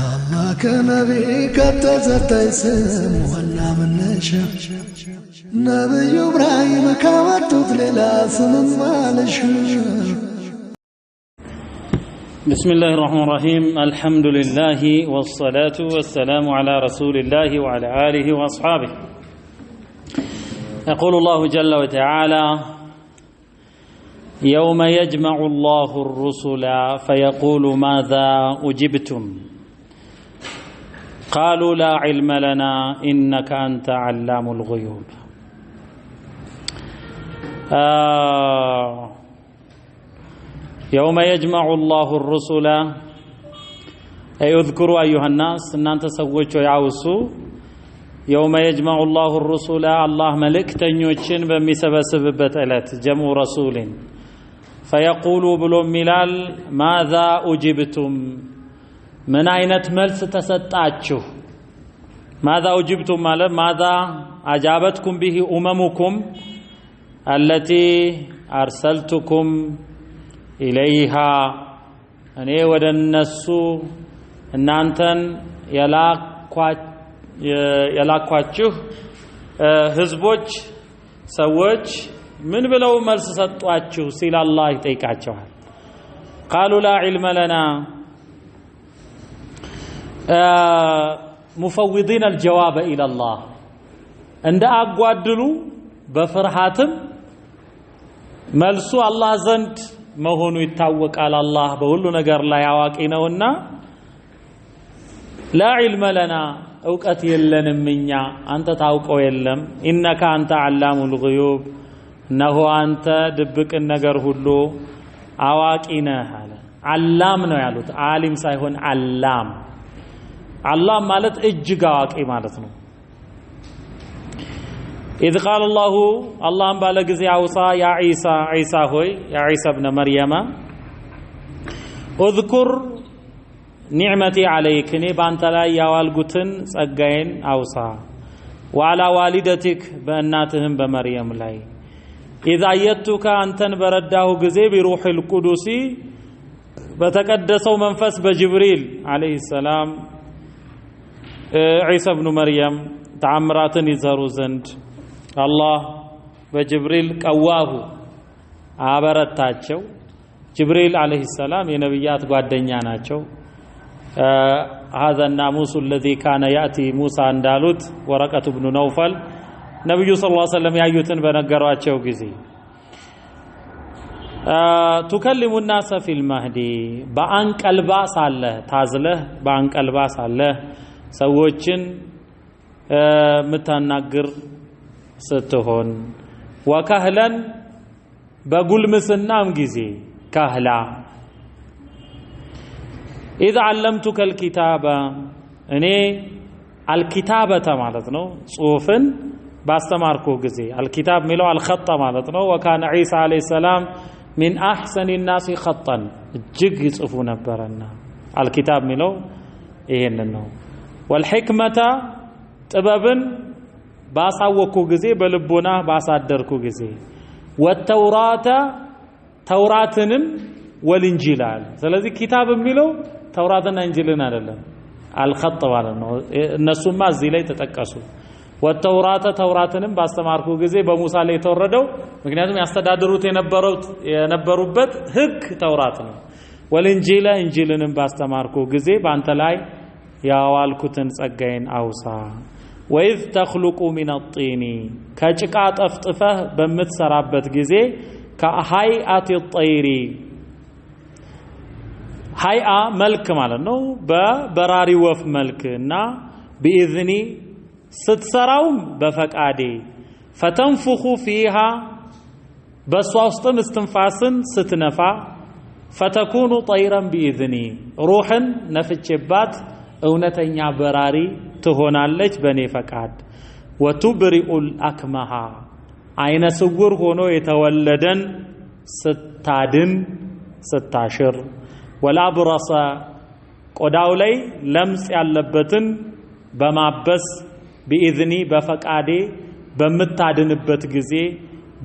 الله من نبي إبراهيم بسم الله الرحمن الرحيم الحمد لله والصلاة والسلام على رسول الله وعلى آله وأصحابه يقول الله جل وتعالى يوم يجمع الله الرسل فيقول ماذا أجبتم قالوا لا علم لنا إنك أنت علام الغيوب آه يوم يجمع الله الرسل أي اذكروا أيها الناس إن أنت سويتوا يعوسوا يوم يجمع الله الرسل الله ملك تنيوشن سببت ألات جمع رسول فيقولوا بلوم ملال ماذا أجبتم ምን አይነት መልስ ተሰጣችሁ? ማዛ ኡጅብቱም ማለት ማዛ አጃበትኩም ቢሂ ኡመሙኩም አለቲ አርሰልቱኩም ኢለይሃ እኔ ወደ እነሱ እናንተን የላኳችሁ ህዝቦች ሰዎች ምን ብለው መልስ ሰጧችሁ ሲል አላህ ይጠይቃቸዋል። ቃሉ ላ ዒልመ ለና ሙፈውዲን አልጀዋበ ኢለላህ እንደ አጓድሉ በፍርሃትም መልሱ አላህ ዘንድ መሆኑ ይታወቃል። አላህ በሁሉ ነገር ላይ አዋቂ ነውና ላ ዒልመ ለና እውቀት የለንም እኛ አንተ ታውቀው የለም ኢነከ አንተ ዓላሙል ጉዩብ እነሆ አንተ ድብቅን ነገር ሁሉ አዋቂ ነህ አለ። ዓላም ነው ያሉት ዓሊም ሳይሆን ዓላም አላህ ማለት እጅግ አዋቂ ማለት ነው። ኢዝ ቃለ አላሁ አላህም ባለ ጊዜ አውሳ ያ ዒሳ ዒሳ ሆይ ያ ዒሳ ብነ መርየማ እዝኩር ኒዕመቲ ዓለይክ እኔ በአንተ ላይ ያዋልጉትን ጸጋዬን አውሳ ዋላ ዋሊደቲክ በእናትህም በመርየም ላይ ኢዝ አየቱከ አንተን በረዳሁ ጊዜ ቢሩሕ ልቁዱሲ በተቀደሰው መንፈስ በጅብሪል ዓለይህ ሰላም ዒሳ ብኑ መርየም ተአምራትን ይሰሩ ዘንድ አላህ በጅብሪል ቀዋሁ አበረታቸው። ጅብሪል ዓለይሂ ሰላም የነቢያት ጓደኛ ናቸው። ሀዛ ናሙሱ አለዚ ካነ ያእቲ ሙሳ እንዳሉት ወረቀቱ ብኑ ነውፈል ነቢዩ ሰለላሁ ዐለይሂ ወሰለም ያዩትን በነገሯቸው ጊዜ ቱከሊሙ ናሰ ፊል መህዲ በአንቀልባ ሳለህ ታዝለህ በአንቀልባ ሳለህ سوچن متناقر ستهون وكهلا بقول مثلنا مجزي كهلا إذا علمتك الكتابة أني الكتابة تمالتنو صوفن باست ماركو الكتاب ملو الخط مالتنو وكان عيسى عليه السلام من أحسن الناس خطا جيك يصفو نبرنا الكتاب ملو إيه النو ወልሕክመታ ጥበብን ባሳወቅኩ ጊዜ በልቦና ባሳደርኩ ጊዜ ወተውራተ ተውራትንም ወልእንጂል አለ። ስለዚህ ኪታብ የሚለው ተውራትና እንጂልን አይደለም፣ አልኸጥ ማለት ነው። እነሱማ እዚህ ላይ ተጠቀሱ። ወተውራተ ተውራትንም ባስተማርኩ ጊዜ በሙሳ ላይ የተወረደው ምክንያቱም ያስተዳድሩት የነበሩበት ህግ ተውራት ነው። ወልእንጂለ እንጂልንም ባስተማርኩ ጊዜ በአንተ ላይ ያዋልኩትን ጸጋዬን አውሳ ወኢዝ ተኽሉቁ ሚን ጢኒ ከጭቃ ጠፍጥፈህ በምትሰራበት ጊዜ ከሀይአት ጠይሪ ሀይአ መልክ ማለት ነው። በበራሪ ወፍ መልክ እና ብኢዝኒ ስትሰራውም በፈቃዴ ፈተንፉኹ ፊሃ በእሷ ውስጥም እስትንፋስን ስትነፋ ፈተኩኑ ጠይረን ብኢዝኒ ሩሕን ነፍቼባት እውነተኛ በራሪ ትሆናለች በእኔ ፈቃድ። ወቱብሪኡል አክመሃ አይነ ስውር ሆኖ የተወለደን ስታድን ስታሽር፣ ወላብረሰ ቆዳው ላይ ለምጽ ያለበትን በማበስ ቢኢዝኒ በፈቃዴ በምታድንበት ጊዜ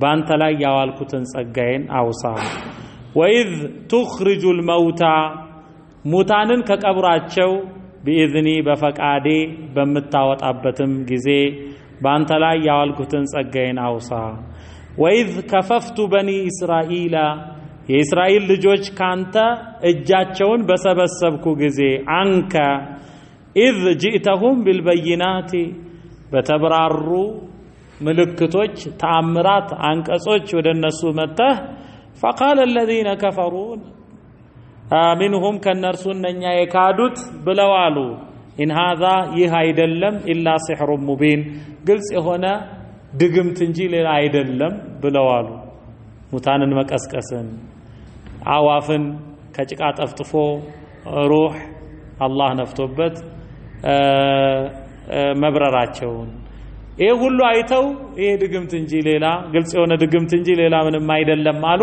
በአንተ ላይ ያዋልኩትን ጸጋዬን አውሳ። ወኢዝ ቱኽሪጁል መውታ ሙታንን ከቀብራቸው ቢኢዝኒ በፈቃዴ በምታወጣበትም ጊዜ በአንተ ላይ ያዋልኩትን ጸጋዬን አውሳ። ወኢዝ ከፈፍቱ በኒ እስራኢላ የእስራኤል ልጆች ካንተ እጃቸውን በሰበሰብኩ ጊዜ አንከ ኢዝ ጅእተሁም ቢልበይናቲ በተብራሩ ምልክቶች፣ ተአምራት፣ አንቀጾች ወደ እነሱ መጥተህ ፈቃለ አለዚነ ከፈሩን ሚንሁም ከነርሱ እነኛ የካዱት ብለው አሉ። ኢን ሃዛ ይህ አይደለም ኢላ ሲሕሩ ሙቢን ግልጽ የሆነ ድግምት እንጂ ሌላ አይደለም ብለው አሉ። ሙታንን መቀስቀስን፣ አዋፍን ከጭቃ ጠፍጥፎ ሩህ አላህ ነፍቶበት መብረራቸውን ይህ ሁሉ አይተው ይሄ ድግምት እንጂ ሌላ ግልጽ የሆነ ድግምት እንጂ ሌላ ምንም አይደለም አሉ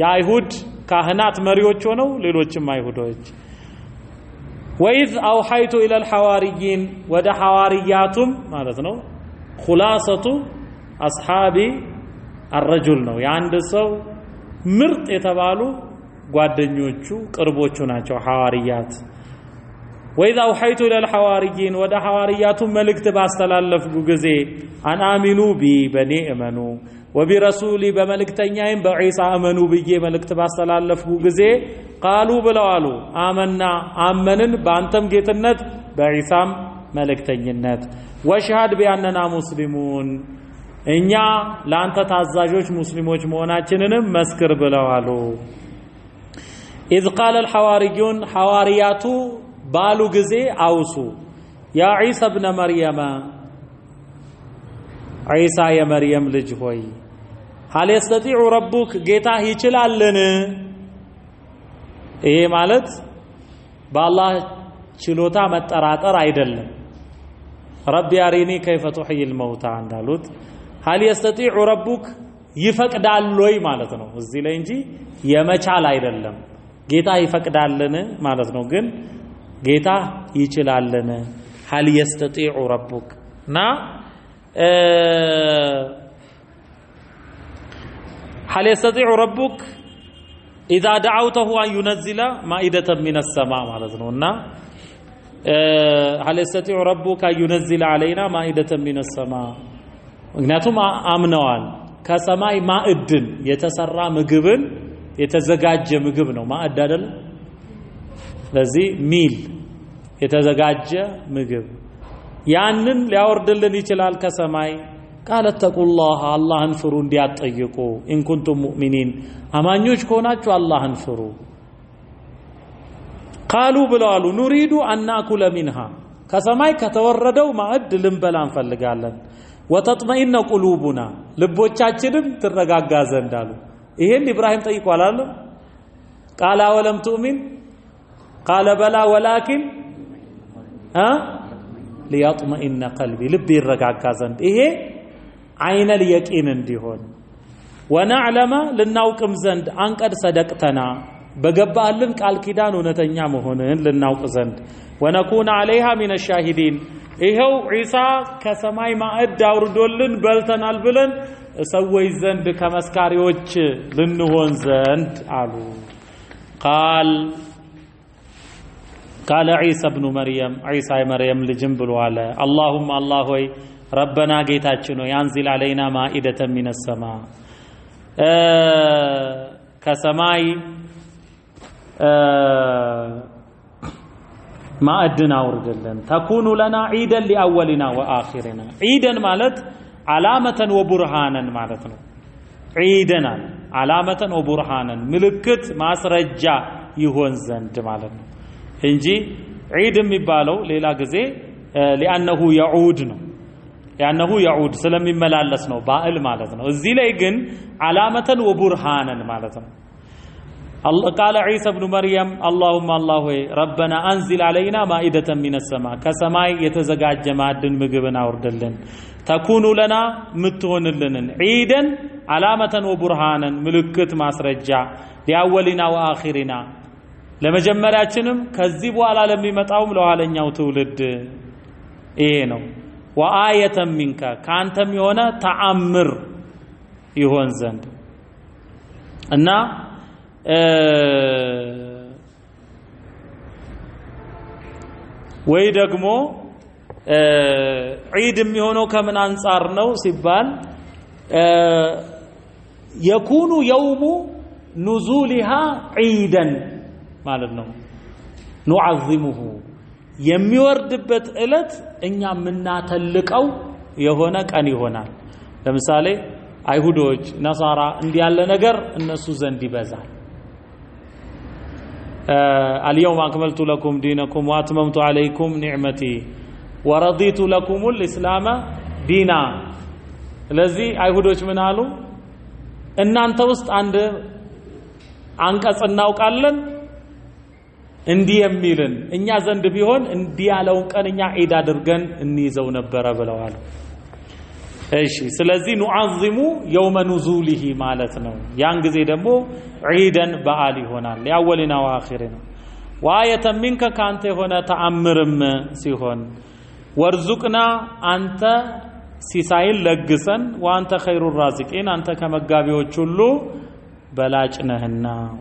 የአይሁድ ካህናት መሪዎች ሆነው ሌሎችም አይሁዶች ወኢዝ አውሐይቱ ኢለል ሐዋርይን ወደ ሐዋርያቱም ማለት ነው። ሁላሰቱ አስሓቢ አረጁል ነው የአንድ ሰው ምርጥ የተባሉ ጓደኞቹ ቅርቦቹ ናቸው ሐዋርያት ወኢዛ አውሐይቱ ኢለል ሐዋርይን ወደ ሐዋርያቱ መልእክት ባስተላለፍኩ ጊዜ አን ቢ በኔ እመኑ ወቢረሱሊ በመልእክተኛዬም በዒሳ እመኑ ብዬ መልእክት ባስተላለፍኩ ጊዜ ቃሉ ብለው አሉ አመና አመንን በአንተም ጌትነት በዒሳም መልእክተኝነት ወሽሃድ ቢአነና ሙስሊሙን እኛ ለአንተ ታዛዦች ሙስሊሞች መሆናችንንም መስክር ብለው አሉ ኢዝ ቃለ አልሐዋርዩን ሐዋርያቱ ባሉ ጊዜ አውሱ ያ ዒሳ እብነ መርየመ ዒሳ የመርየም ልጅ ሆይ ሀል የስተጢዑ ረቡክ ጌታህ ይችላልን? ይሄ ማለት በአላህ ችሎታ መጠራጠር አይደለም። ረቢ አሪኒ ከይፈ ቱሕይል መውታ እንዳሉት ሀል የስተጢዑ ረቡክ ይፈቅዳል ወይ ማለት ነው እዚህ ላይ እንጂ የመቻል አይደለም። ጌታ ይፈቅዳልን ማለት ነው ግን ጌታ ይችላልን? ሀል የስተጢዑ ረቡክ እና ሀል የስተጢዑ ረቡክ ኢዛ ደዓውተሁ አን ዩነዝለ ማኢደተን ሚነ ሰማ ማለት ነው እና ሀል የስተጢዑ ረቡክ አን ዩነዝለ አለይና ማኢደተን ሚነ ሰማ ምክንያቱም አምነዋል። ከሰማይ ማዕድን የተሰራ ምግብን የተዘጋጀ ምግብ ነው ማዕድ አይደለም ስለዚህ ሚል የተዘጋጀ ምግብ ያንን ሊያወርድልን ይችላል ከሰማይ ቃለ ተቁላህ አላህን ፍሩ እንዲያጠይቁ ኢንኩንቱም ሙእሚኒን አማኞች ከሆናችሁ አላህን ፍሩ ቃሉ ብለዋሉ ኑሪዱ አናኩለ ሚንሃ ከሰማይ ከተወረደው ማዕድ ልንበላ እንፈልጋለን ወተጥመኢነ ቁሉቡና ልቦቻችንም ትረጋጋ ዘንድ አሉ ይሄን ኢብራሂም ጠይቋል አለ ቃል አወለም ቱእሚን ቃለ በላ ወላኪን ሊያጥመኢነ ቀልቢ ልብ ይረጋጋ ዘንድ ይሄ አይነል የቂን እንዲሆን ወናዕለመ ልናውቅም ዘንድ አንቀድ ሰደቅተና በገባህልን ቃል ኪዳን እውነተኛ መሆንህን ልናውቅ ዘንድ ወነኩን አለይሃ ሚነ ሻሂዲን ይኸው ዒሳ ከሰማይ ማዕድ አውርዶልን በልተናል ብለን እሰወይ ዘንድ ከመስካሪዎች ልንሆን ዘንድ አሉ ቃል ቃለ ዒሳ ብኑ መርየም ዒሳ የመርየም ልጅም ብሎ አለ አላሁም አላህ ሆይ ረበና ጌታችን ሆይ አንዚል አለይና ማኢደተ ሚነሰማ ከሰማይ ማዕድን አውርድልን። ተኩኑ ለና ዒደን ሊአወሊና ወአኺሪና። ዒደን ማለት ዓላመተን ወቡርሃነን ማለት ነው። ዒደን አለ ወቡርሃነን፣ ምልክት ማስረጃ ይሆን ዘንድ ማለት ነው። እንጂ ዒድ የሚባለው ሌላ ጊዜ ሊአነሁ የዑድ ነው። ሊአነሁ የዑድ ስለሚመላለስ ነው ባዕል ማለት ነው። እዚህ ላይ ግን አላመተን ወቡርሃነን ማለት ነው። ቃለ ዒሳ ብኑ መርየም አላሁማ አላህ ሆይ ረበና አንዚል አለይና ማኢደተን ሚነሰማ ከሰማይ የተዘጋጀ ማዕድን ምግብን አውርድልን ተኩኑ ለና ምትሆንልንን ዒደን ዓላመተን ወቡርሃነን ምልክት ማስረጃ ሊአወሊና ወአኺሪና ለመጀመሪያችንም ከዚህ በኋላ ለሚመጣውም ለኋለኛው ትውልድ ይሄ ነው። ወአየተ ሚንከ ከአንተም የሆነ ተአምር ይሆን ዘንድ እና ወይ ደግሞ ዒድ የሚሆነው ከምን አንጻር ነው ሲባል የኩኑ የውሙ ኑዙሊሃ ዒደን ማለት ነው። ኑዓዚሙሁ የሚወርድበት ዕለት እኛ የምናተልቀው የሆነ ቀን ይሆናል። ለምሳሌ አይሁዶች፣ ነሳራ እንዲህ ያለ ነገር እነሱ ዘንድ ይበዛል። አልየውም አክመልቱ ለኩም ዲነኩም ወአትመምቱ አለይኩም ኒዕመቲ ወረዲቱ ለኩሙል ኢስላመ ዲና። ስለዚህ አይሁዶች ምን አሉ? እናንተ ውስጥ አንድ አንቀጽ እናውቃለን እንዲህ የሚልን እኛ ዘንድ ቢሆን እንዲህ ያለውን ቀን እኛ ዒድ አድርገን እንይዘው ነበረ ብለዋል። እሺ ስለዚህ ኑዓዚሙ የውመ ኑዙሊሂ ማለት ነው። ያን ጊዜ ደግሞ ዒደን በዓል ይሆናል። የአወሊና ወአኺሪ ነው። ወአየተ ሚንከ ከአንተ የሆነ ተአምርም ሲሆን ወርዙቅና አንተ ሲሳይን ለግሰን ወአንተ ኸይሩ ራዚቂን አንተ ከመጋቢዎች ሁሉ በላጭ ነህና